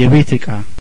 የቤት እቃ